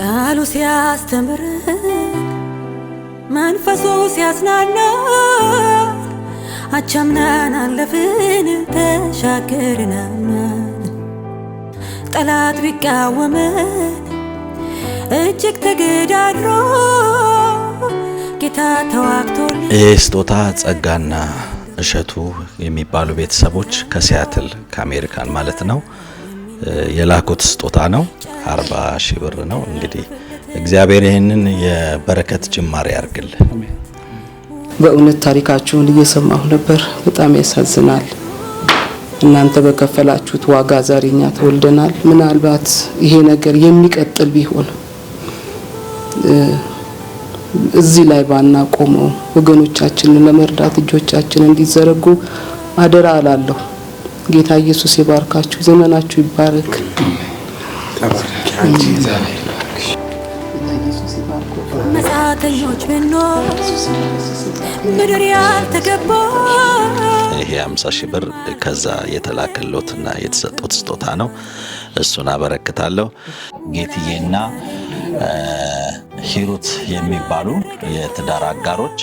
ቃሉ ሲያስተምር! መንፈሱ ሲያስናና አቻምናን አለፍን ተሻገርናናን ጠላት ቢቃወመን እጅግ ተገዳድሮ ጌታ ተዋግቶል። ይህ ስጦታ ጸጋና እሸቱ የሚባሉ ቤተሰቦች ከሲያትል ከአሜሪካን ማለት ነው የላኩት ስጦታ ነው። አርባ ሺህ ብር ነው። እንግዲህ እግዚአብሔር ይህንን የበረከት ጅማሬ ያርግልን። በእውነት ታሪካችሁን እየሰማሁ ነበር። በጣም ያሳዝናል። እናንተ በከፈላችሁት ዋጋ ዛሬ እኛ ተወልደናል። ምናልባት ይሄ ነገር የሚቀጥል ቢሆን እዚህ ላይ ባና ቆመው ወገኖቻችንን ለመርዳት እጆቻችን እንዲዘረጉ አደራ አላለሁ። ጌታ ኢየሱስ ይባርካችሁ፣ ዘመናችሁ ይባረክ። መጻተኞች ምድር ያልተገባ ይሄ አምሳ ሺህ ብር ከዛ የተላከሎትና የተሰጡት ስጦታ ነው። እሱን አበረክታለሁ። ጌትዬና ሂሩት የሚባሉ የትዳር አጋሮች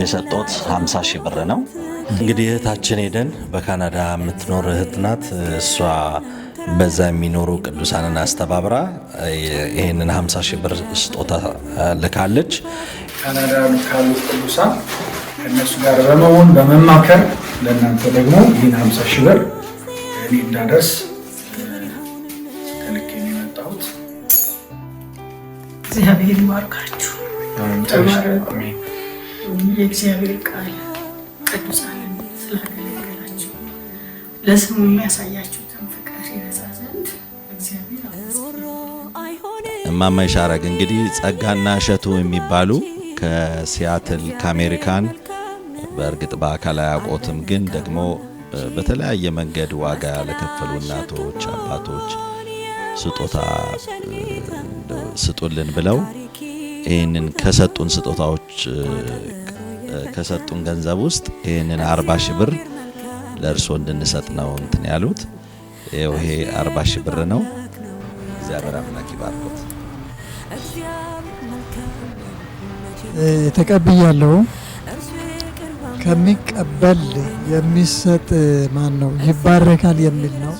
የሰጡት ሃምሳ ሺህ ብር ነው። እንግዲህ እህታችን ሄደን በካናዳ የምትኖር እህት ናት። እሷ በዛ የሚኖሩ ቅዱሳንን አስተባብራ ይህንን 50 ሺህ ብር ስጦታ ልካለች። ካናዳ ካሉት ቅዱሳን ከእነሱ ጋር በመሆን በመማከር ለእናንተ ደግሞ ይህን 50 ሺህ ብር እኔ እንዳደርስ ከልክ የመጣሁት እግዚአብሔር ይባርካችሁ። የእግዚአብሔር ቃል ቅዱሳንን ስላገለገላችሁ ለስሙ የሚያሳያችሁትን ፍቅር ዘንድ እንግዲህ ጸጋና እሸቱ የሚባሉ ከሲያትል ከአሜሪካን በእርግጥ በአካል አያውቆትም፣ ግን ደግሞ በተለያየ መንገድ ዋጋ ለከፈሉ እናቶች፣ አባቶች ስጦታ ስጡልን ብለው ይህንን ከሰጡን ስጦታዎች ከሰጡን ገንዘብ ውስጥ ይህንን አርባ ሺህ ብር ለእርስዎ እንድንሰጥ ነው እንትን ያሉት። ይሄ አርባ ሺህ ብር ነው። እግዚአብሔር አምላክ ይባርኮት። ተቀብያለሁ። ከሚቀበል የሚሰጥ ማን ነው? ይባረካል የሚል ነው።